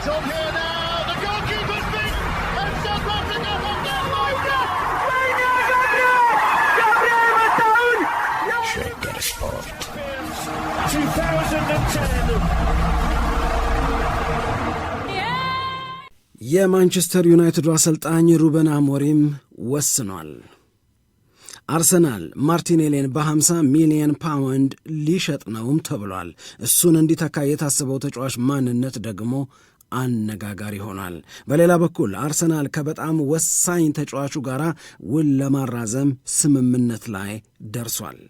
It's on here now. The goalkeeper's and South Africa Sport 2010 የማንቸስተር ዩናይትዱ አሰልጣኝ ሩበን አሞሪም ወስኗል። አርሰናል ማርቲኔሌን በ50 ሚሊየን ፓውንድ ሊሸጥ ነውም ተብሏል። እሱን እንዲተካ የታሰበው ተጫዋች ማንነት ደግሞ አነጋጋሪ ይሆናል። በሌላ በኩል አርሰናል ከበጣም ወሳኝ ተጫዋቹ ጋር ውል ለማራዘም ስምምነት ላይ ደርሷል።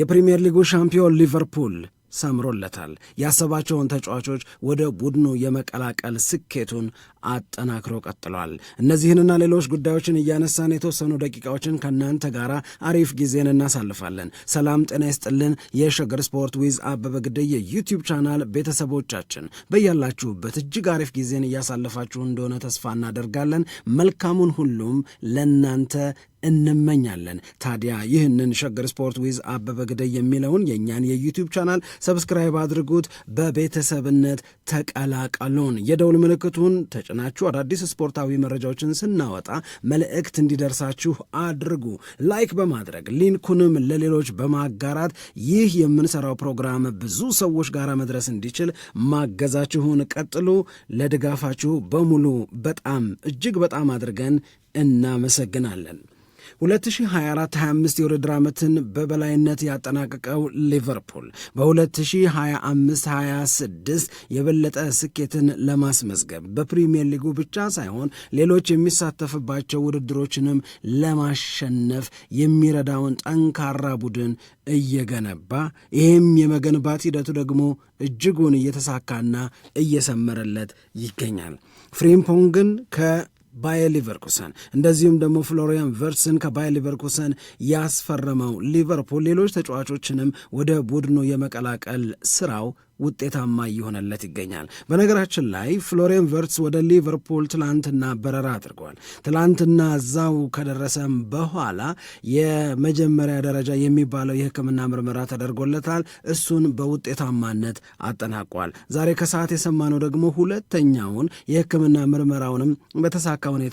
የፕሪምየር ሊጉ ሻምፒዮን ሊቨርፑል ሰምሮለታል። ያሰባቸውን ተጫዋቾች ወደ ቡድኑ የመቀላቀል ስኬቱን አጠናክሮ ቀጥሏል። እነዚህንና ሌሎች ጉዳዮችን እያነሳን የተወሰኑ ደቂቃዎችን ከእናንተ ጋር አሪፍ ጊዜን እናሳልፋለን። ሰላም ጤና ይስጥልን። የሸገር ስፖርት ዊዝ አበበ ግደይ የዩቲዩብ ቻናል ቤተሰቦቻችን በያላችሁበት እጅግ አሪፍ ጊዜን እያሳለፋችሁ እንደሆነ ተስፋ እናደርጋለን። መልካሙን ሁሉም ለእናንተ እንመኛለን። ታዲያ ይህንን ሸገር ስፖርት ዊዝ አበበ ግደይ የሚለውን የእኛን የዩቲዩብ ቻናል ሰብስክራይብ አድርጉት፣ በቤተሰብነት ተቀላቀሉን። የደውል ምልክቱን ተጭናችሁ አዳዲስ ስፖርታዊ መረጃዎችን ስናወጣ መልእክት እንዲደርሳችሁ አድርጉ። ላይክ በማድረግ ሊንኩንም ለሌሎች በማጋራት ይህ የምንሰራው ፕሮግራም ብዙ ሰዎች ጋር መድረስ እንዲችል ማገዛችሁን ቀጥሉ። ለድጋፋችሁ በሙሉ በጣም እጅግ በጣም አድርገን እናመሰግናለን። 2024/25 የውድድር ዓመትን በበላይነት ያጠናቀቀው ሊቨርፑል በ2025/26 የበለጠ ስኬትን ለማስመዝገብ በፕሪምየር ሊጉ ብቻ ሳይሆን ሌሎች የሚሳተፍባቸው ውድድሮችንም ለማሸነፍ የሚረዳውን ጠንካራ ቡድን እየገነባ ይህም የመገንባት ሂደቱ ደግሞ እጅጉን እየተሳካና እየሰመረለት ይገኛል። ፍሪምፖንግን ከ ባየር ሊቨርኩሰን እንደዚሁም ደግሞ ፍሎሪያን ቨርትስን ከባየር ሊቨርኩሰን ያስፈረመው ሊቨርፑል ሌሎች ተጫዋቾችንም ወደ ቡድኑ የመቀላቀል ስራው ውጤታማ እየሆነለት ይገኛል። በነገራችን ላይ ፍሎሬን ቨርትስ ወደ ሊቨርፑል ትላንትና በረራ አድርገዋል። ትላንትና እዛው ከደረሰም በኋላ የመጀመሪያ ደረጃ የሚባለው የሕክምና ምርመራ ተደርጎለታል። እሱን በውጤታማነት አጠናቋል። ዛሬ ከሰዓት የሰማነው ደግሞ ሁለተኛውን የሕክምና ምርመራውንም በተሳካ ሁኔታ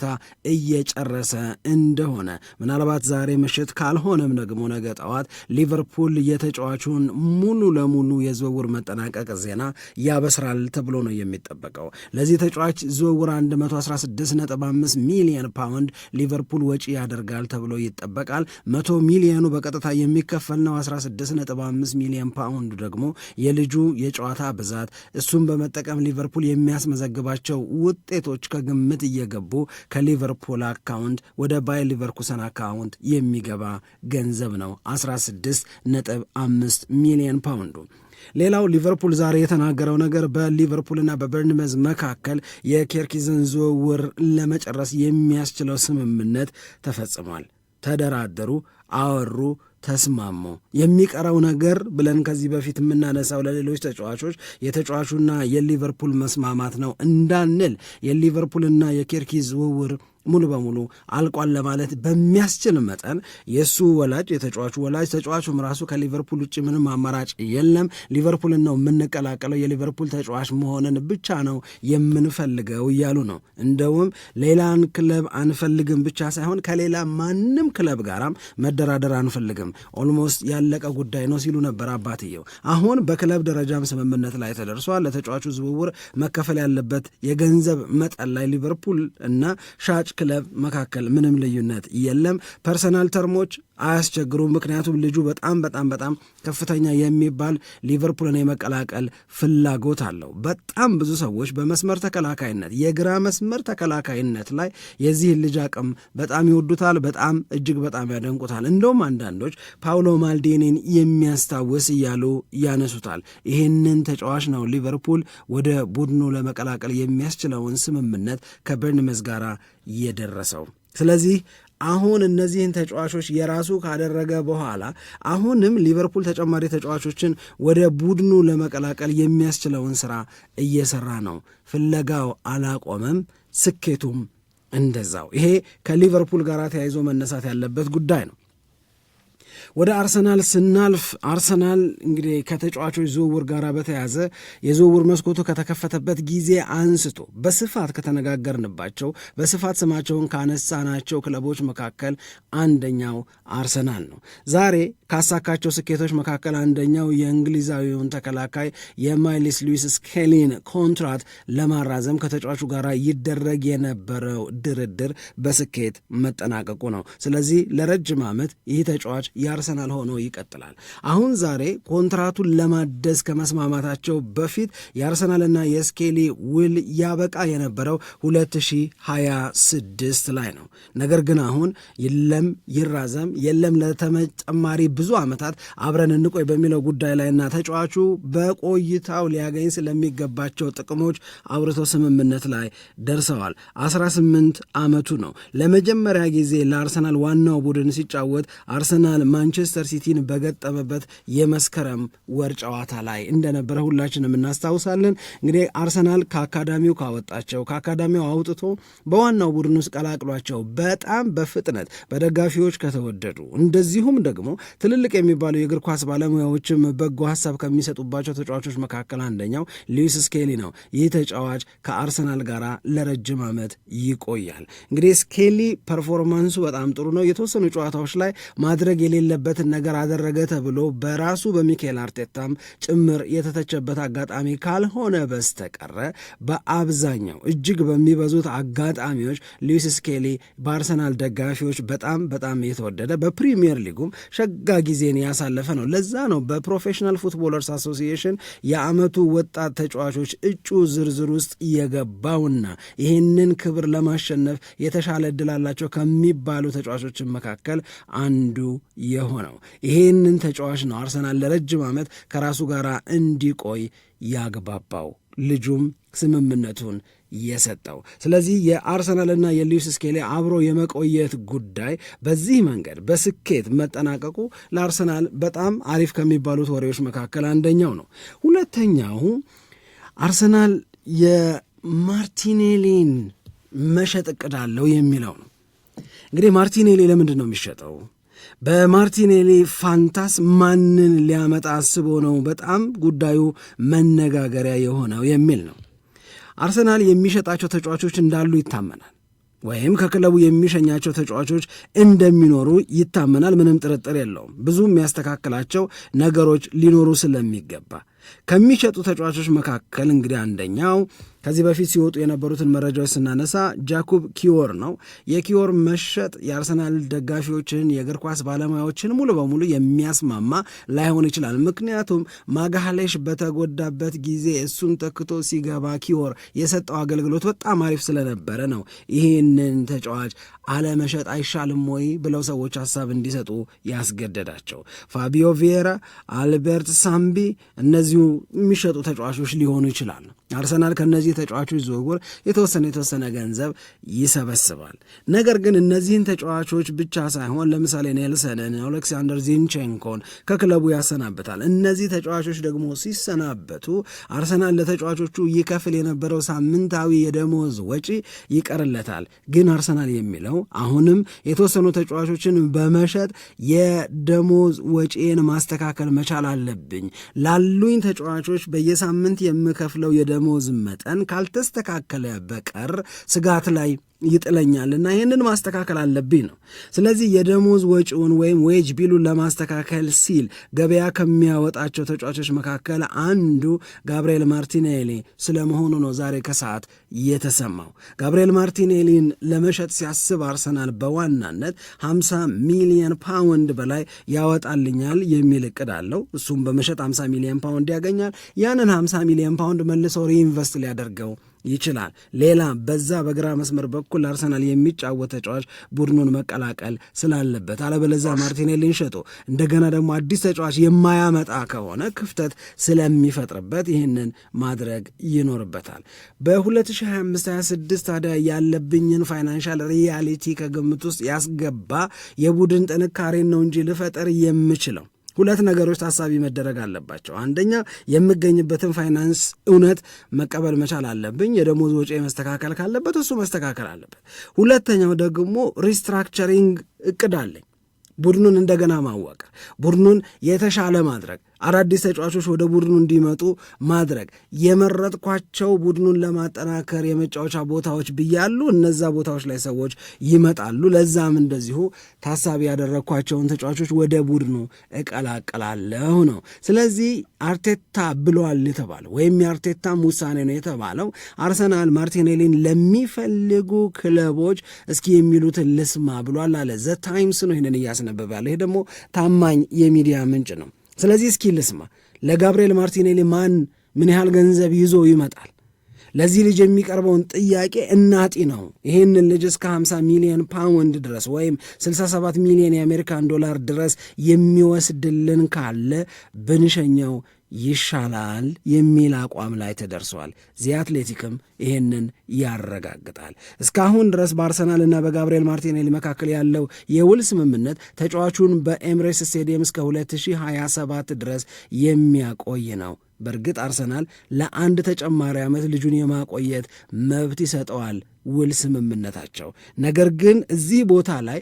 እየጨረሰ እንደሆነ ምናልባት ዛሬ ምሽት ካልሆነም ደግሞ ነገ ጠዋት ሊቨርፑል የተጫዋቹን ሙሉ ለሙሉ የዝውውር መጠናቀ የመጠናቀቅ ዜና ያበስራል ተብሎ ነው የሚጠበቀው። ለዚህ ተጫዋች ዝውውር 116.5 ሚሊዮን ፓውንድ ሊቨርፑል ወጪ ያደርጋል ተብሎ ይጠበቃል። 100 ሚሊዮኑ በቀጥታ የሚከፈል ነው። 16.5 ሚሊዮን ፓውንድ ደግሞ የልጁ የጨዋታ ብዛት እሱን በመጠቀም ሊቨርፑል የሚያስመዘግባቸው ውጤቶች ከግምት እየገቡ ከሊቨርፑል አካውንት ወደ ባይ ሊቨርኩሰን አካውንት የሚገባ ገንዘብ ነው 16 ነጥብ 5 ሚሊዮን ፓውንዱ ሌላው ሊቨርፑል ዛሬ የተናገረው ነገር በሊቨርፑልና በበርንመዝ መካከል የኬርኪዝን ዝውውር ለመጨረስ የሚያስችለው ስምምነት ተፈጽሟል። ተደራደሩ፣ አወሩ ተስማሙ። የሚቀረው ነገር ብለን ከዚህ በፊት የምናነሳው ለሌሎች ተጫዋቾች የተጫዋቹና የሊቨርፑል መስማማት ነው እንዳንል የሊቨርፑልና የኬርኪዝ ዝውውር ሙሉ በሙሉ አልቋል ለማለት በሚያስችል መጠን የእሱ ወላጅ የተጫዋቹ ወላጅ ተጫዋቹም ራሱ ከሊቨርፑል ውጭ ምንም አማራጭ የለም። ሊቨርፑልን ነው የምንቀላቀለው፣ የሊቨርፑል ተጫዋች መሆንን ብቻ ነው የምንፈልገው እያሉ ነው። እንደውም ሌላን ክለብ አንፈልግም ብቻ ሳይሆን ከሌላ ማንም ክለብ ጋራም መደራደር አንፈልግም፣ ኦልሞስት ያለቀ ጉዳይ ነው ሲሉ ነበር አባትየው። አሁን በክለብ ደረጃም ስምምነት ላይ ተደርሷል። ለተጫዋቹ ዝውውር መከፈል ያለበት የገንዘብ መጠን ላይ ሊቨርፑል እና ሻጭ ክለብ መካከል ምንም ልዩነት የለም። ፐርሰናል ተርሞች አያስቸግሩም። ምክንያቱም ልጁ በጣም በጣም በጣም ከፍተኛ የሚባል ሊቨርፑልን የመቀላቀል ፍላጎት አለው። በጣም ብዙ ሰዎች በመስመር ተከላካይነት የግራ መስመር ተከላካይነት ላይ የዚህን ልጅ አቅም በጣም ይወዱታል፣ በጣም እጅግ በጣም ያደንቁታል። እንደውም አንዳንዶች ፓውሎ ማልዴኒን የሚያስታውስ እያሉ ያነሱታል። ይህንን ተጫዋች ነው ሊቨርፑል ወደ ቡድኑ ለመቀላቀል የሚያስችለውን ስምምነት ከበርንመዝ ጋር የደረሰው። ስለዚህ አሁን እነዚህን ተጫዋቾች የራሱ ካደረገ በኋላ አሁንም ሊቨርፑል ተጨማሪ ተጫዋቾችን ወደ ቡድኑ ለመቀላቀል የሚያስችለውን ስራ እየሰራ ነው። ፍለጋው አላቆመም፣ ስኬቱም እንደዛው። ይሄ ከሊቨርፑል ጋር ተያይዞ መነሳት ያለበት ጉዳይ ነው። ወደ አርሰናል ስናልፍ አርሰናል እንግዲህ ከተጫዋቾች ዝውውር ጋር በተያዘ የዝውውር መስኮቱ ከተከፈተበት ጊዜ አንስቶ በስፋት ከተነጋገርንባቸው በስፋት ስማቸውን ካነሳናቸው ክለቦች መካከል አንደኛው አርሰናል ነው። ዛሬ ካሳካቸው ስኬቶች መካከል አንደኛው የእንግሊዛዊውን ተከላካይ የማይልስ ሉዊስ ስኬሊን ኮንትራት ለማራዘም ከተጫዋቹ ጋር ይደረግ የነበረው ድርድር በስኬት መጠናቀቁ ነው። ስለዚህ ለረጅም ዓመት ይህ ተጫዋች የአርሰናል ሆኖ ይቀጥላል። አሁን ዛሬ ኮንትራቱን ለማደስ ከመስማማታቸው በፊት የአርሰናልና የስኬሊ ውል ያበቃ የነበረው 2026 ላይ ነው። ነገር ግን አሁን የለም ይራዘም የለም ለተጨማሪ ብዙ ዓመታት አብረን እንቆይ በሚለው ጉዳይ ላይና ተጫዋቹ በቆይታው ሊያገኝ ስለሚገባቸው ጥቅሞች አውርተው ስምምነት ላይ ደርሰዋል። 18 ዓመቱ ነው። ለመጀመሪያ ጊዜ ለአርሰናል ዋናው ቡድን ሲጫወት አርሰናል ማንቸስተር ሲቲን በገጠመበት የመስከረም ወር ጨዋታ ላይ እንደነበረ ሁላችንም እናስታውሳለን። እንግዲህ አርሰናል ከአካዳሚው ካወጣቸው ከአካዳሚው አውጥቶ በዋናው ቡድን ውስጥ ቀላቅሏቸው በጣም በፍጥነት በደጋፊዎች ከተወደዱ እንደዚሁም ደግሞ ትልልቅ የሚባሉ የእግር ኳስ ባለሙያዎችም በጎ ሀሳብ ከሚሰጡባቸው ተጫዋቾች መካከል አንደኛው ሉዊስ ስኬሊ ነው። ይህ ተጫዋች ከአርሰናል ጋር ለረጅም ዓመት ይቆያል። እንግዲህ ስኬሊ ፐርፎርማንሱ በጣም ጥሩ ነው። የተወሰኑ ጨዋታዎች ላይ ማድረግ የሌለበትን ነገር አደረገ ተብሎ በራሱ በሚካኤል አርቴታም ጭምር የተተቸበት አጋጣሚ ካልሆነ በስተቀረ በአብዛኛው እጅግ በሚበዙት አጋጣሚዎች ሉዊስ ስኬሊ በአርሰናል ደጋፊዎች በጣም በጣም የተወደደ በፕሪሚየር ሊጉም ሸጋ ጊዜን ያሳለፈ ነው። ለዛ ነው በፕሮፌሽናል ፉትቦለርስ አሶሲዬሽን የአመቱ ወጣት ተጫዋቾች እጩ ዝርዝር ውስጥ የገባውና ይህንን ክብር ለማሸነፍ የተሻለ እድል አላቸው ከሚባሉ ተጫዋቾችን መካከል አንዱ የሆነው ይህንን ተጫዋች ነው አርሰናል ለረጅም ዓመት ከራሱ ጋር እንዲቆይ ያግባባው ልጁም ስምምነቱን የሰጠው። ስለዚህ የአርሰናልና የሉዊስ ስኬሊ አብሮ የመቆየት ጉዳይ በዚህ መንገድ በስኬት መጠናቀቁ ለአርሰናል በጣም አሪፍ ከሚባሉት ወሬዎች መካከል አንደኛው ነው። ሁለተኛው አርሰናል የማርቲኔሊን መሸጥ እቅድ አለው የሚለው ነው። እንግዲህ ማርቲኔሊ ለምንድን ነው የሚሸጠው? በማርቲኔሊ ፋንታስ ማንን ሊያመጣ አስቦ ነው በጣም ጉዳዩ መነጋገሪያ የሆነው የሚል ነው። አርሰናል የሚሸጣቸው ተጫዋቾች እንዳሉ ይታመናል፣ ወይም ከክለቡ የሚሸኛቸው ተጫዋቾች እንደሚኖሩ ይታመናል። ምንም ጥርጥር የለውም። ብዙ የሚያስተካክላቸው ነገሮች ሊኖሩ ስለሚገባ ከሚሸጡ ተጫዋቾች መካከል እንግዲህ አንደኛው ከዚህ በፊት ሲወጡ የነበሩትን መረጃዎች ስናነሳ ጃኩብ ኪዮር ነው። የኪዮር መሸጥ የአርሰናል ደጋፊዎችን የእግር ኳስ ባለሙያዎችን ሙሉ በሙሉ የሚያስማማ ላይሆን ይችላል። ምክንያቱም ማጋሌሽ በተጎዳበት ጊዜ እሱን ተክቶ ሲገባ ኪዮር የሰጠው አገልግሎት በጣም አሪፍ ስለነበረ ነው ይህንን ተጫዋች አለመሸጥ አይሻልም ወይ ብለው ሰዎች ሀሳብ እንዲሰጡ ያስገደዳቸው። ፋቢዮ ቪየራ አልበርት ሳምቢ እነዚሁ የሚሸጡ ተጫዋቾች ሊሆኑ ይችላል። አርሰናል ከእነዚህ ተጫዋቾች ዝውውር የተወሰነ የተወሰነ ገንዘብ ይሰበስባል። ነገር ግን እነዚህን ተጫዋቾች ብቻ ሳይሆን ለምሳሌ ኔልሰንን፣ ኦሌክሳንደር ዚንቼንኮን ከክለቡ ያሰናብታል። እነዚህ ተጫዋቾች ደግሞ ሲሰናበቱ አርሰናል ለተጫዋቾቹ ይከፍል የነበረው ሳምንታዊ የደሞዝ ወጪ ይቀርለታል። ግን አርሰናል የሚለው አሁንም የተወሰኑ ተጫዋቾችን በመሸጥ የደሞዝ ወጪን ማስተካከል መቻል አለብኝ፣ ላሉኝ ተጫዋቾች በየሳምንት የምከፍለው የደ የደሞዝ መጠን ካልተስተካከለ በቀር ስጋት ላይ ይጥለኛል እና ይህንን ማስተካከል አለብኝ ነው። ስለዚህ የደሞዝ ወጪውን ወይም ዌጅ ቢሉን ለማስተካከል ሲል ገበያ ከሚያወጣቸው ተጫዋቾች መካከል አንዱ ጋብርኤል ማርቲኔሊ ስለመሆኑ ነው ዛሬ ከሰዓት የተሰማው። ጋብርኤል ማርቲኔሊን ለመሸጥ ሲያስብ አርሰናል በዋናነት 50 ሚሊየን ፓውንድ በላይ ያወጣልኛል የሚል እቅድ አለው። እሱም በመሸጥ 50 ሚሊየን ፓውንድ ያገኛል። ያንን 50 ሚሊየን ፓውንድ መልሶ ሪኢንቨስት ሊያደርገው ይችላል። ሌላ በዛ በግራ መስመር በኩል አርሰናል የሚጫወት ተጫዋች ቡድኑን መቀላቀል ስላለበት፣ አለበለዚያ ማርቲኔሊን ሸጦ እንደገና ደግሞ አዲስ ተጫዋች የማያመጣ ከሆነ ክፍተት ስለሚፈጥርበት ይህንን ማድረግ ይኖርበታል። በ2025/26 ታዲያ ያለብኝን ፋይናንሻል ሪያሊቲ ከግምት ውስጥ ያስገባ የቡድን ጥንካሬን ነው እንጂ ልፈጠር የምችለው ሁለት ነገሮች ታሳቢ መደረግ አለባቸው። አንደኛ የምገኝበትን ፋይናንስ እውነት መቀበል መቻል አለብኝ። የደሞዝ ወጪ መስተካከል ካለበት እሱ መስተካከል አለበት። ሁለተኛው ደግሞ ሪስትራክቸሪንግ እቅድ አለኝ። ቡድኑን እንደገና ማዋቀር፣ ቡድኑን የተሻለ ማድረግ አዳዲስ ተጫዋቾች ወደ ቡድኑ እንዲመጡ ማድረግ የመረጥኳቸው ቡድኑን ለማጠናከር የመጫወቻ ቦታዎች ብያሉ። እነዛ ቦታዎች ላይ ሰዎች ይመጣሉ። ለዛም እንደዚሁ ታሳቢ ያደረግኳቸውን ተጫዋቾች ወደ ቡድኑ እቀላቅላለሁ ነው። ስለዚህ አርቴታ ብሏል የተባለው ወይም የአርቴታም ውሳኔ ነው የተባለው አርሰናል ማርቲኔሊን ለሚፈልጉ ክለቦች እስኪ የሚሉትን ልስማ ብሏል አለ። ዘ ታይምስ ነው ይህንን እያስነበበ ያለ። ይሄ ደግሞ ታማኝ የሚዲያ ምንጭ ነው። ስለዚህ እስኪ ልስማ፣ ለጋብርኤል ማርቲኔሊ ማን ምን ያህል ገንዘብ ይዞ ይመጣል? ለዚህ ልጅ የሚቀርበውን ጥያቄ እናጢ ነው። ይህን ልጅ እስከ 50 ሚሊዮን ፓውንድ ድረስ ወይም 67 ሚሊዮን የአሜሪካን ዶላር ድረስ የሚወስድልን ካለ ብንሸኘው ይሻላል የሚል አቋም ላይ ተደርሷል። ዚ አትሌቲክም ይህንን ያረጋግጣል። እስካሁን ድረስ በአርሰናል እና በጋብርኤል ማርቲኔሊ መካከል ያለው የውል ስምምነት ተጫዋቹን በኤምሬስ ስቴዲየም እስከ 2027 ድረስ የሚያቆይ ነው። በእርግጥ አርሰናል ለአንድ ተጨማሪ ዓመት ልጁን የማቆየት መብት ይሰጠዋል ውል ስምምነታቸው። ነገር ግን እዚህ ቦታ ላይ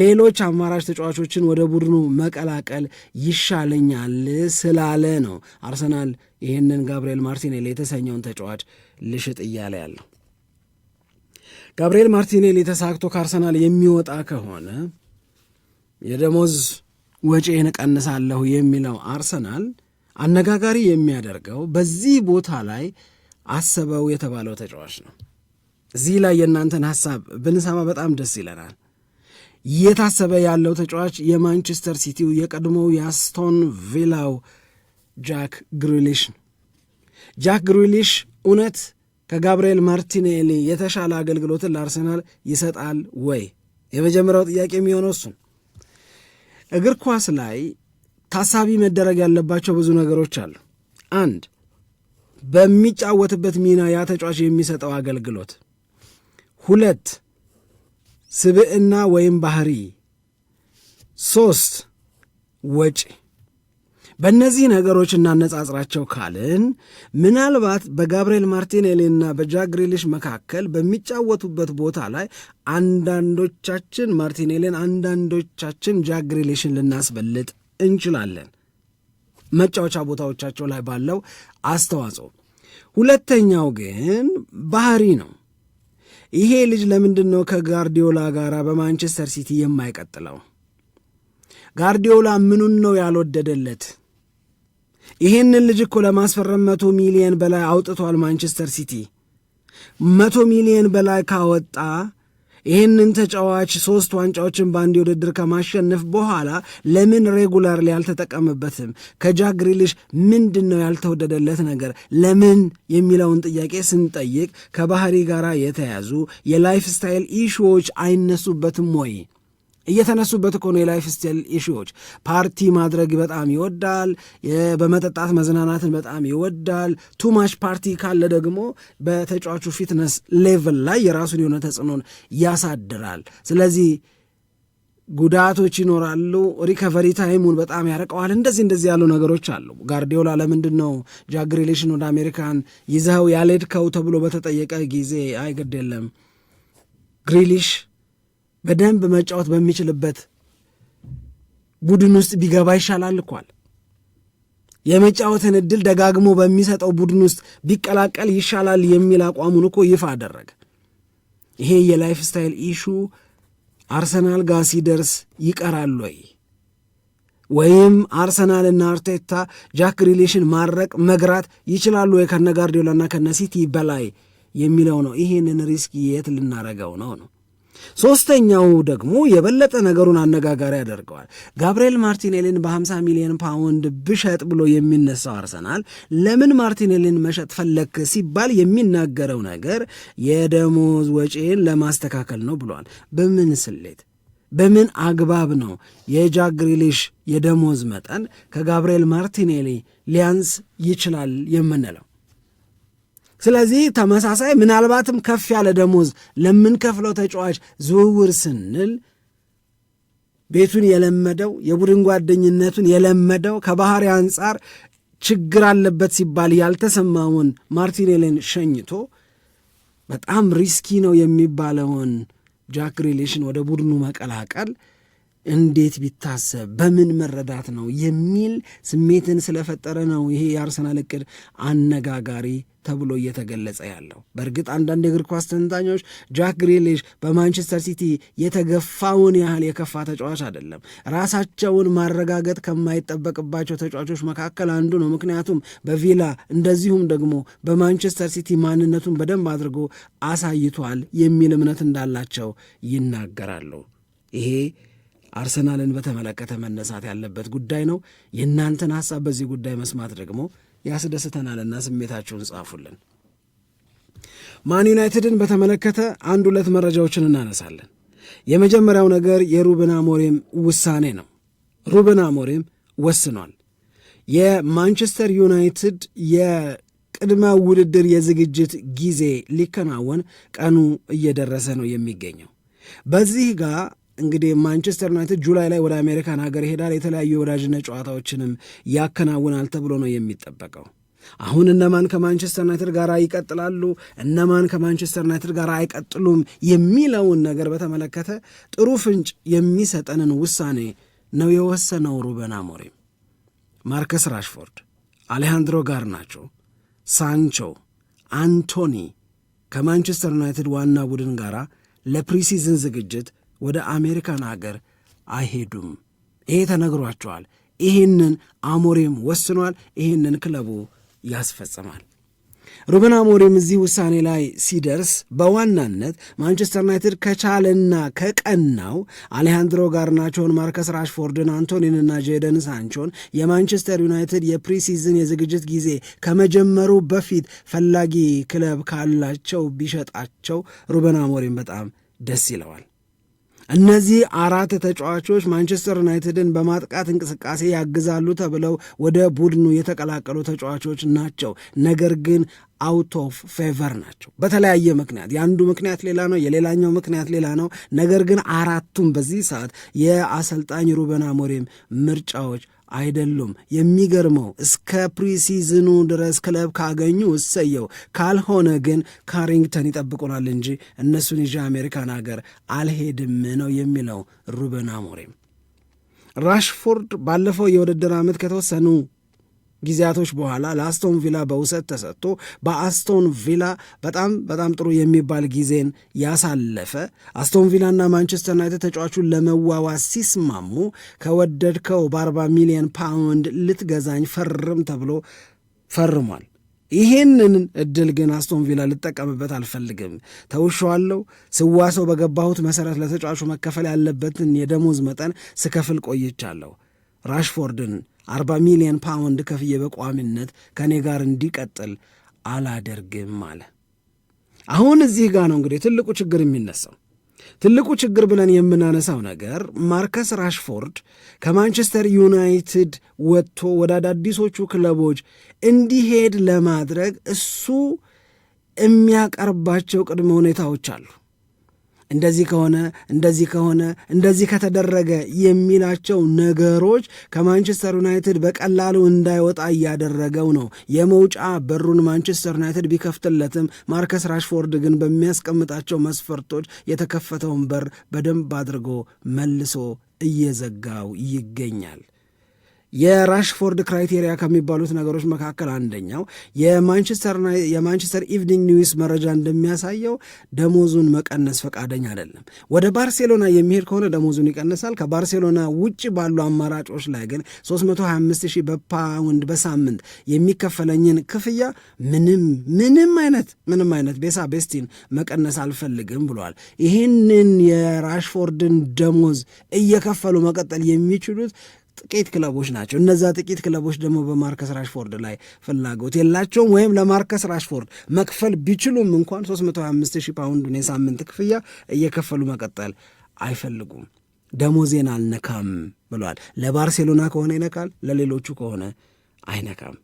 ሌሎች አማራጭ ተጫዋቾችን ወደ ቡድኑ መቀላቀል ይሻለኛል ስላለ ነው አርሰናል ይህንን ጋብርኤል ማርቲኔል የተሰኘውን ተጫዋች ልሽጥ እያለ ያለው። ጋብርኤል ማርቲኔል የተሳክቶ ከአርሰናል የሚወጣ ከሆነ የደሞዝ ወጪን እቀንሳለሁ የሚለው አርሰናል አነጋጋሪ የሚያደርገው በዚህ ቦታ ላይ አሰበው የተባለው ተጫዋች ነው። እዚህ ላይ የእናንተን ሀሳብ ብንሰማ በጣም ደስ ይለናል። እየታሰበ ያለው ተጫዋች የማንቸስተር ሲቲው የቀድሞው የአስቶን ቪላው ጃክ ግሪሊሽ ነው። ጃክ ግሪሊሽ እውነት ከጋብርኤል ማርቲኔሊ የተሻለ አገልግሎትን ለአርሰናል ይሰጣል ወይ? የመጀመሪያው ጥያቄ የሚሆነው እሱን። እግር ኳስ ላይ ታሳቢ መደረግ ያለባቸው ብዙ ነገሮች አሉ። አንድ በሚጫወትበት ሚና ያ ተጫዋች የሚሰጠው አገልግሎት ሁለት ስብዕና ወይም ባህሪ፣ ሶስት ወጪ። በእነዚህ ነገሮች እናነጻጽራቸው ካልን ምናልባት በጋብርኤል ማርቲኔሊና በጃክ ግሪሊሽ መካከል በሚጫወቱበት ቦታ ላይ አንዳንዶቻችን ማርቲኔሊን፣ አንዳንዶቻችን ጃክ ግሪሊሽን ልናስበልጥ እንችላለን መጫወቻ ቦታዎቻቸው ላይ ባለው አስተዋጽኦ። ሁለተኛው ግን ባህሪ ነው። ይሄ ልጅ ለምንድን ነው ከጋርዲዮላ ጋር በማንቸስተር ሲቲ የማይቀጥለው? ጋርዲዮላ ምኑን ነው ያልወደደለት? ይሄንን ልጅ እኮ ለማስፈረም መቶ ሚሊየን በላይ አውጥቷል ማንቸስተር ሲቲ። መቶ ሚሊየን በላይ ካወጣ ይህንን ተጫዋች ሶስት ዋንጫዎችን በአንድ ውድድር ከማሸነፍ በኋላ ለምን ሬጉላር ላይ አልተጠቀምበትም? ከጃክ ግሪሊሽ ምንድን ነው ያልተወደደለት ነገር ለምን የሚለውን ጥያቄ ስንጠይቅ ከባህሪ ጋር የተያዙ የላይፍ ስታይል ኢሹዎች አይነሱበትም ወይ? እየተነሱበት እኮ ነው የላይፍ ስታይል ኢሹዎች። ፓርቲ ማድረግ በጣም ይወዳል፣ በመጠጣት መዝናናትን በጣም ይወዳል። ቱማሽ ፓርቲ ካለ ደግሞ በተጫዋቹ ፊትነስ ሌቭል ላይ የራሱን የሆነ ተጽዕኖን ያሳድራል። ስለዚህ ጉዳቶች ይኖራሉ። ሪከቨሪ ታይሙን በጣም ያረቀዋል። እንደዚህ እንደዚህ ያሉ ነገሮች አሉ። ጋርዲዮላ ለምንድን ነው ጃክ ወደ አሜሪካን ይዘኸው ያልሄድከው ተብሎ በተጠየቀ ጊዜ አይ ግድ የለም ግሪሊሽ በደንብ መጫወት በሚችልበት ቡድን ውስጥ ቢገባ ይሻላል እኳል የመጫወትን እድል ደጋግሞ በሚሰጠው ቡድን ውስጥ ቢቀላቀል ይሻላል የሚል አቋሙን እኮ ይፋ አደረገ። ይሄ የላይፍ ስታይል ኢሹ አርሰናል ጋር ሲደርስ ይቀራል ወይ ወይም አርሰናልና አርቴታ ጃክ ሪሌሽን ማድረቅ መግራት ይችላሉ ወይ ከነ ጋርዲዮላና ከነ ሲቲ በላይ የሚለው ነው። ይህንን ሪስክ የት ልናረገው ነው ነው ሶስተኛው ደግሞ የበለጠ ነገሩን አነጋጋሪ ያደርገዋል። ጋብርኤል ማርቲኔሊን በ50 ሚሊዮን ፓውንድ ብሸጥ ብሎ የሚነሳው አርሰናል ለምን ማርቲኔሊን መሸጥ ፈለክ ሲባል የሚናገረው ነገር የደሞዝ ወጪን ለማስተካከል ነው ብሏል። በምን ስሌት በምን አግባብ ነው የጃክ ግሪሊሽ የደሞዝ መጠን ከጋብርኤል ማርቲኔሊ ሊያንስ ይችላል የምንለው? ስለዚህ ተመሳሳይ ምናልባትም ከፍ ያለ ደሞዝ ለምንከፍለው ተጫዋች ዝውውር ስንል ቤቱን የለመደው የቡድን ጓደኝነቱን የለመደው ከባህሪ አንጻር ችግር አለበት ሲባል ያልተሰማውን ማርቲኔሌን ሸኝቶ በጣም ሪስኪ ነው የሚባለውን ጃክ ግሪሊሽን ወደ ቡድኑ መቀላቀል እንዴት ቢታሰብ በምን መረዳት ነው የሚል ስሜትን ስለፈጠረ ነው ይሄ የአርሰናል እቅድ አነጋጋሪ ተብሎ እየተገለጸ ያለው። በእርግጥ አንዳንድ የእግር ኳስ ተንታኞች ጃክ ግሪሊሽ በማንቸስተር ሲቲ የተገፋውን ያህል የከፋ ተጫዋች አይደለም፣ ራሳቸውን ማረጋገጥ ከማይጠበቅባቸው ተጫዋቾች መካከል አንዱ ነው። ምክንያቱም በቪላ እንደዚሁም ደግሞ በማንቸስተር ሲቲ ማንነቱን በደንብ አድርጎ አሳይቷል የሚል እምነት እንዳላቸው ይናገራሉ። ይሄ አርሰናልን በተመለከተ መነሳት ያለበት ጉዳይ ነው። የእናንተን ሀሳብ በዚህ ጉዳይ መስማት ደግሞ ያስደስተናልና ስሜታችሁን ጻፉልን። ማን ዩናይትድን በተመለከተ አንድ ሁለት መረጃዎችን እናነሳለን። የመጀመሪያው ነገር የሩበን አሞሪም ውሳኔ ነው። ሩበን አሞሪም ወስኗል። የማንቸስተር ዩናይትድ የቅድመ ውድድር የዝግጅት ጊዜ ሊከናወን ቀኑ እየደረሰ ነው የሚገኘው። በዚህ ጋር እንግዲህ ማንቸስተር ዩናይትድ ጁላይ ላይ ወደ አሜሪካን ሀገር ይሄዳል። የተለያዩ የወዳጅነት ጨዋታዎችንም ያከናውናል ተብሎ ነው የሚጠበቀው። አሁን እነማን ከማንቸስተር ዩናይትድ ጋር ይቀጥላሉ፣ እነማን ከማንቸስተር ዩናይትድ ጋር አይቀጥሉም የሚለውን ነገር በተመለከተ ጥሩ ፍንጭ የሚሰጠንን ውሳኔ ነው የወሰነው ሩበን አሞሪም። ማርከስ ራሽፎርድ፣ አሌሃንድሮ ጋርናቾ፣ ሳንቾ፣ አንቶኒ ከማንቸስተር ዩናይትድ ዋና ቡድን ጋር ለፕሪሲዝን ዝግጅት ወደ አሜሪካን ሀገር አይሄዱም። ይሄ ተነግሯቸዋል። ይህንን አሞሪም ወስኗል። ይህንን ክለቡ ያስፈጽማል። ሩበን አሞሪም እዚህ ውሳኔ ላይ ሲደርስ በዋናነት ማንቸስተር ዩናይትድ ከቻለና ከቀናው አሌሃንድሮ ጋርናቾን፣ ማርከስ ራሽፎርድን፣ አንቶኒንና ጄደን ሳንቾን የማንቸስተር ዩናይትድ የፕሪሲዝን የዝግጅት ጊዜ ከመጀመሩ በፊት ፈላጊ ክለብ ካላቸው ቢሸጣቸው ሩበን አሞሪም በጣም ደስ ይለዋል። እነዚህ አራት ተጫዋቾች ማንቸስተር ዩናይትድን በማጥቃት እንቅስቃሴ ያግዛሉ ተብለው ወደ ቡድኑ የተቀላቀሉ ተጫዋቾች ናቸው። ነገር ግን አውት ኦፍ ፌቨር ናቸው በተለያየ ምክንያት። የአንዱ ምክንያት ሌላ ነው፣ የሌላኛው ምክንያት ሌላ ነው። ነገር ግን አራቱም በዚህ ሰዓት የአሰልጣኝ ሩበን አሞሪም ምርጫዎች አይደሉም። የሚገርመው እስከ ፕሪሲዝኑ ድረስ ክለብ ካገኙ እሰየው፣ ካልሆነ ግን ካሪንግተን ይጠብቁናል እንጂ እነሱን ይዤ አሜሪካን ሀገር አልሄድም ነው የሚለው ሩበን አሞሪም። ራሽፎርድ ባለፈው የውድድር ዓመት ከተወሰኑ ጊዜያቶች በኋላ ለአስቶን ቪላ በውሰት ተሰጥቶ በአስቶን ቪላ በጣም በጣም ጥሩ የሚባል ጊዜን ያሳለፈ አስቶን ቪላና ማንቸስተር ዩናይትድ ተጫዋቹን ለመዋዋስ ሲስማሙ ከወደድከው በ40 ሚሊዮን ፓውንድ ልትገዛኝ ፈርም ተብሎ ፈርሟል። ይሄንን እድል ግን አስቶን ቪላ ልጠቀምበት አልፈልግም፣ ተውሸዋለሁ። ስዋሰው በገባሁት መሰረት ለተጫዋቹ መከፈል ያለበትን የደሞዝ መጠን ስከፍል ቆይቻለሁ። ራሽፎርድን 40 ሚሊዮን ፓውንድ ከፍዬ በቋሚነት ከእኔ ጋር እንዲቀጥል አላደርግም አለ። አሁን እዚህ ጋር ነው እንግዲህ ትልቁ ችግር የሚነሳው። ትልቁ ችግር ብለን የምናነሳው ነገር ማርከስ ራሽፎርድ ከማንቸስተር ዩናይትድ ወጥቶ ወደ አዳዲሶቹ ክለቦች እንዲሄድ ለማድረግ እሱ የሚያቀርባቸው ቅድመ ሁኔታዎች አሉ። እንደዚህ ከሆነ እንደዚህ ከሆነ እንደዚህ ከተደረገ የሚላቸው ነገሮች ከማንቸስተር ዩናይትድ በቀላሉ እንዳይወጣ እያደረገው ነው። የመውጫ በሩን ማንቸስተር ዩናይትድ ቢከፍትለትም ማርከስ ራሽፎርድ ግን በሚያስቀምጣቸው መስፈርቶች የተከፈተውን በር በደንብ አድርጎ መልሶ እየዘጋው ይገኛል። የራሽፎርድ ክራይቴሪያ ከሚባሉት ነገሮች መካከል አንደኛው የማንቸስተር ኢቭኒንግ ኒውስ መረጃ እንደሚያሳየው ደሞዙን መቀነስ ፈቃደኛ አይደለም። ወደ ባርሴሎና የሚሄድ ከሆነ ደሞዙን ይቀንሳል። ከባርሴሎና ውጭ ባሉ አማራጮች ላይ ግን 325 ሺህ በፓውንድ በሳምንት የሚከፈለኝን ክፍያ ምንም ምንም አይነት ምንም አይነት ቤሳ ቤስቲን መቀነስ አልፈልግም ብሏል። ይህንን የራሽፎርድን ደሞዝ እየከፈሉ መቀጠል የሚችሉት ጥቂት ክለቦች ናቸው። እነዛ ጥቂት ክለቦች ደግሞ በማርከስ ራሽፎርድ ላይ ፍላጎት የላቸውም ወይም ለማርከስ ራሽፎርድ መክፈል ቢችሉም እንኳን 325 ሺህ ፓውንዱን የሳምንት ክፍያ እየከፈሉ መቀጠል አይፈልጉም። ደሞዜን አልነካም ብሏል ለባርሴሎና ከሆነ ይነካል፣ ለሌሎቹ ከሆነ አይነካም።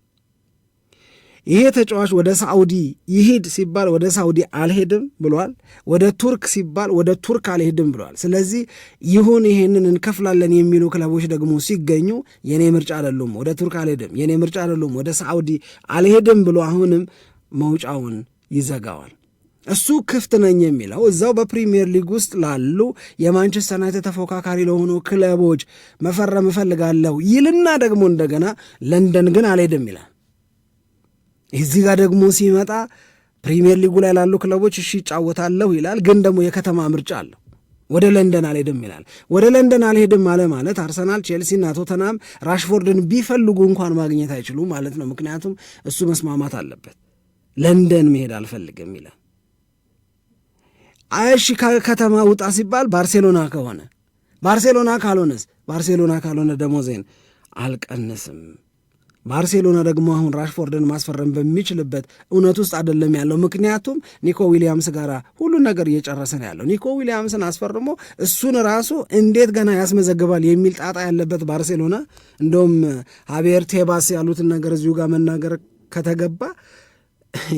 ይሄ ተጫዋች ወደ ሳዑዲ ይሄድ ሲባል ወደ ሳዑዲ አልሄድም ብሏል። ወደ ቱርክ ሲባል ወደ ቱርክ አልሄድም ብሏል። ስለዚህ ይሁን ይሄንን እንከፍላለን የሚሉ ክለቦች ደግሞ ሲገኙ የኔ ምርጫ አይደሉም፣ ወደ ቱርክ አልሄድም፣ የኔ ምርጫ አይደሉም፣ ወደ ሳዑዲ አልሄድም ብሎ አሁንም መውጫውን ይዘጋዋል። እሱ ክፍት ነኝ የሚለው እዛው በፕሪሚየር ሊግ ውስጥ ላሉ የማንቸስተር ዩናይትድ ተፎካካሪ ለሆኑ ክለቦች መፈረም እፈልጋለሁ ይልና ደግሞ እንደገና ለንደን ግን አልሄድም ይላል። እዚህ ጋር ደግሞ ሲመጣ ፕሪሚየር ሊጉ ላይ ላሉ ክለቦች እሺ ይጫወታለሁ ይላል፣ ግን ደግሞ የከተማ ምርጫ አለው። ወደ ለንደን አልሄድም ይላል። ወደ ለንደን አልሄድም አለ ማለት አርሰናል፣ ቼልሲና ቶተናም ራሽፎርድን ቢፈልጉ እንኳን ማግኘት አይችሉም ማለት ነው። ምክንያቱም እሱ መስማማት አለበት። ለንደን መሄድ አልፈልግም ይላል። እሺ ከከተማ ውጣ ሲባል ባርሴሎና ከሆነ ባርሴሎና ካልሆነስ? ባርሴሎና ካልሆነ ደሞዜን አልቀንስም ባርሴሎና ደግሞ አሁን ራሽፎርድን ማስፈረም በሚችልበት እውነት ውስጥ አይደለም ያለው። ምክንያቱም ኒኮ ዊሊያምስ ጋር ሁሉን ነገር እየጨረሰ ነው ያለው። ኒኮ ዊሊያምስን አስፈርሞ እሱን ራሱ እንዴት ገና ያስመዘግባል የሚል ጣጣ ያለበት ባርሴሎና እንደውም ሀቤር ቴባስ ያሉትን ነገር እዚሁ ጋር መናገር ከተገባ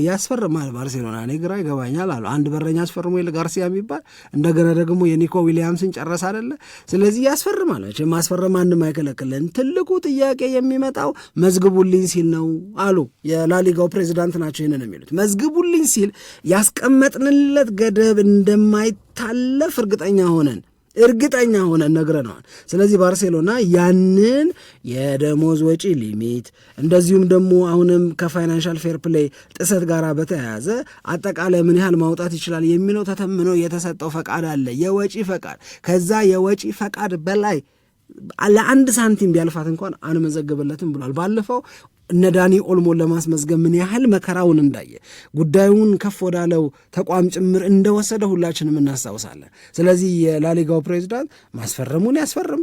ያስፈርማል ባርሴሎና። እኔ ግራ ይገባኛል አሉ። አንድ በረኛ አስፈርሞ ጋርሲያ የሚባል እንደገና ደግሞ የኒኮ ዊሊያምስን ጨረሰ አደለ። ስለዚህ ያስፈርማል። መቼም ማስፈረም አንድም አይከለክልን። ትልቁ ጥያቄ የሚመጣው መዝግቡልኝ ሲል ነው አሉ። የላሊጋው ፕሬዚዳንት ናቸው ይህንን የሚሉት። መዝግቡልኝ ሲል ያስቀመጥንለት ገደብ እንደማይታለፍ እርግጠኛ ሆነን እርግጠኛ ሆነን ነግረነዋል። ስለዚህ ባርሴሎና ያንን የደሞዝ ወጪ ሊሚት እንደዚሁም ደግሞ አሁንም ከፋይናንሻል ፌር ፕሌይ ጥሰት ጋር በተያያዘ አጠቃላይ ምን ያህል ማውጣት ይችላል የሚለው ተተምኖ የተሰጠው ፈቃድ አለ፣ የወጪ ፈቃድ። ከዛ የወጪ ፈቃድ በላይ ለአንድ ሳንቲም ቢያልፋት እንኳን አንመዘግብለትም ብሏል። ባለፈው እነ ዳኒ ኦልሞን ለማስመዝገብ ምን ያህል መከራውን እንዳየ ጉዳዩን ከፍ ወዳለው ተቋም ጭምር እንደወሰደ ሁላችንም እናስታውሳለን። ስለዚህ የላሊጋው ፕሬዚዳንት ማስፈረሙን ያስፈርም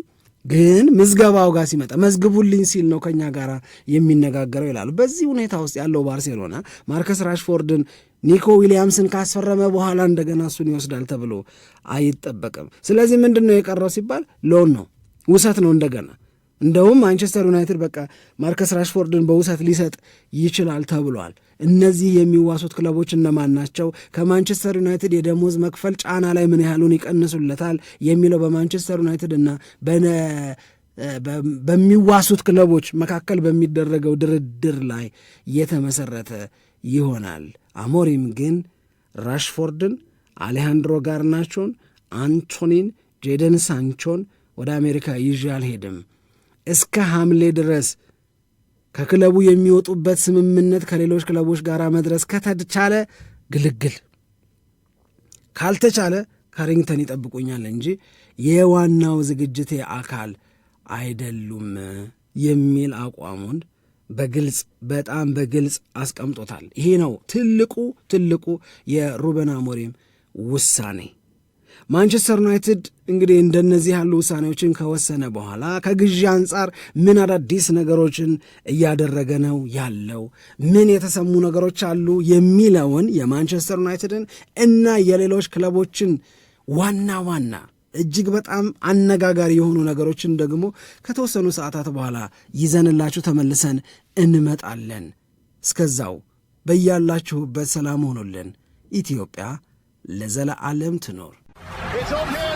ግን ምዝገባው ጋር ሲመጣ መዝግቡልኝ ሲል ነው ከኛ ጋር የሚነጋገረው ይላሉ። በዚህ ሁኔታ ውስጥ ያለው ባርሴሎና ማርከስ ራሽፎርድን፣ ኒኮ ዊሊያምስን ካስፈረመ በኋላ እንደገና እሱን ይወስዳል ተብሎ አይጠበቅም። ስለዚህ ምንድን ነው የቀረው ሲባል ሎን ነው ውሰት ነው እንደገና እንደውም ማንቸስተር ዩናይትድ በቃ ማርከስ ራሽፎርድን በውሰት ሊሰጥ ይችላል ተብሏል። እነዚህ የሚዋሱት ክለቦች እነማን ናቸው? ከማንቸስተር ዩናይትድ የደሞዝ መክፈል ጫና ላይ ምን ያህሉን ይቀንሱለታል? የሚለው በማንቸስተር ዩናይትድ እና በሚዋሱት ክለቦች መካከል በሚደረገው ድርድር ላይ የተመሰረተ ይሆናል። አሞሪም ግን ራሽፎርድን፣ አሌሃንድሮ ጋርናቾን፣ አንቶኒን፣ ጄደን ሳንቾን ወደ አሜሪካ ይዤ አልሄድም እስከ ሐምሌ ድረስ ከክለቡ የሚወጡበት ስምምነት ከሌሎች ክለቦች ጋር መድረስ ከተቻለ ግልግል፣ ካልተቻለ ካሪንግተን ይጠብቁኛል እንጂ የዋናው ዝግጅቴ አካል አይደሉም የሚል አቋሙን በግልጽ በጣም በግልጽ አስቀምጦታል። ይሄ ነው ትልቁ ትልቁ የሩበን አሞሪም ውሳኔ። ማንቸስተር ዩናይትድ እንግዲህ እንደነዚህ ያሉ ውሳኔዎችን ከወሰነ በኋላ ከግዢ አንጻር ምን አዳዲስ ነገሮችን እያደረገ ነው ያለው፣ ምን የተሰሙ ነገሮች አሉ የሚለውን የማንቸስተር ዩናይትድን እና የሌሎች ክለቦችን ዋና ዋና እጅግ በጣም አነጋጋሪ የሆኑ ነገሮችን ደግሞ ከተወሰኑ ሰዓታት በኋላ ይዘንላችሁ ተመልሰን እንመጣለን። እስከዛው በያላችሁበት ሰላም ሆኑልን። ኢትዮጵያ ለዘለዓለም ትኖር። It's on here.